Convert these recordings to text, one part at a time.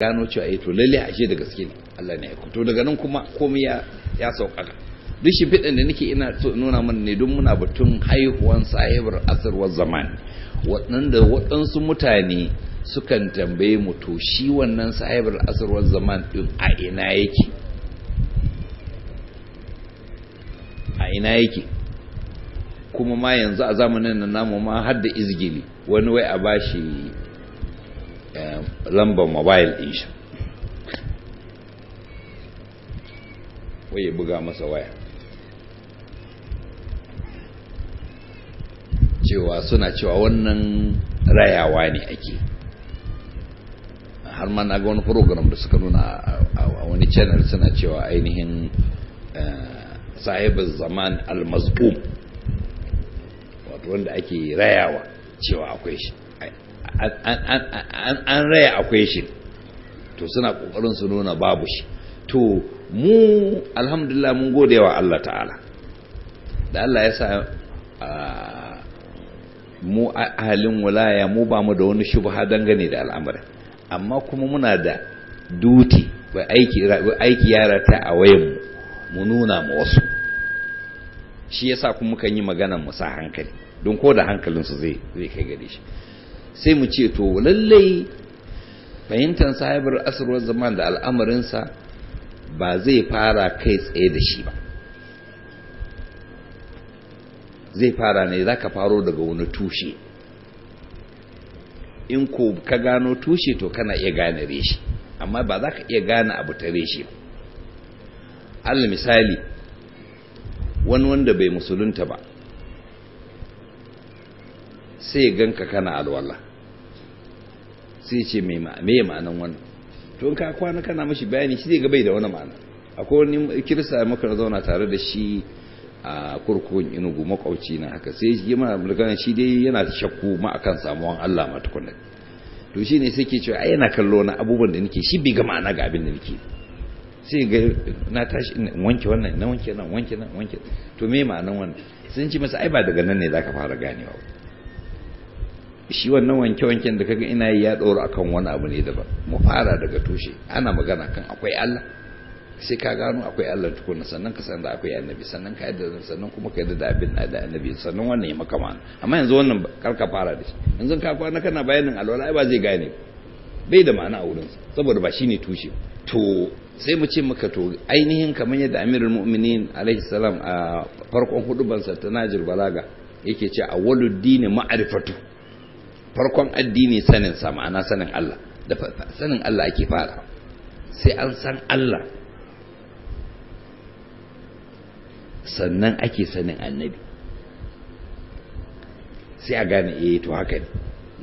gano cewa eh to lalle ashe da gaske ne Allah ne ya to daga nan kuma komai ya ya sauƙaƙa duk shimfiɗin da nake ina so nuna mana ne don muna batun haihuwan sahibar asarwar zaman waɗanda waɗansu mutane sukan tambaye mu to shi wannan sahibar asarwar zaman ɗin a ina yake a ina yake kuma ma yanzu a zamanin nan namu ma har da izgili wani wai a bashi Eh, lambar mobile din shi waye buga masa waya cewa suna cewa wannan rayawa ne ake har ma na ga wani program da suka nuna a wani channel suna cewa ainihin eh, sahibin zaman al wato wanda ake rayawa cewa akwai shi an raya akwai shi to suna kokarin su nuna babu shi to mu alhamdulillah mun gode wa Allah ta'ala da Allah ya sa mu ahalin walaya mu ba mu da wani shubha dangane da al'amarin amma kuma muna da duti aiki yara ta a wayan mu nuna mu wasu shi yasa kuma kan yi maganan mu sa hankali don ko da hankalin hankalinsu zai kai gare shi sai mu ce to lallai fahimtar sahibar asirwar zaman da al'amarinsa ba zai fara kai tsaye da shi ba zai fara ne za ka faro daga wani tushe in ko ka gano tushe to kana iya gane reshi amma ba za ka iya gane abu ta reshi ba allah misali wani wanda bai musulunta ba sai ganka kana alwala sai ce me ma'anan wannan to ka kwana kana mashi bayani shi zai ga bai da wani ma'ana akwai wani kirista muka zauna tare da shi a kurkukun inugu makwauci na haka sai shi yana magana shi dai yana shakku ma akan samuwan Allah ma tukunna to shi ne sai ke cewa ai yana kallo na abubuwan da nake shi bai ga ma'ana ga abin da nake sai ga na tashi wanke wannan na wanke nan wanke nan wanke to me ma'anan wannan sun ci masa ai ba daga nan ne zaka fara ganewa shi wannan wanke-wanken da kaga ina yi ya ɗora kan wani abu ne da ba mu fara daga tushe ana magana kan akwai Allah sai ka gano akwai Allah tukuna sannan ka san da akwai annabi sannan ka yadda sannan kuma ka yadda da abin da annabi sannan wannan ya maka amma yanzu wannan karka fara da shi yanzu ka kwana kana bayanin alwala ai ba zai gane bai da ma'ana a wurin saboda ba shine tushe to sai mu ce maka to ainihin kamar yadda amirul mu'minin alaihi salam a farkon hudubansa ta najir balaga yake ce awwalud dini ma'rifatu farkon addini sanin sa ma'ana sanin Allah da sanin Allah ake fara sai an san Allah sannan ake sanin annabi sai a gane eh to haka ne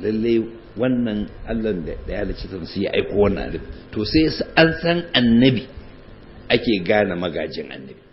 lallai wannan Allah da ya halicci ta sai ya aiko wannan annabi to sai an san annabi ake gane magajin annabi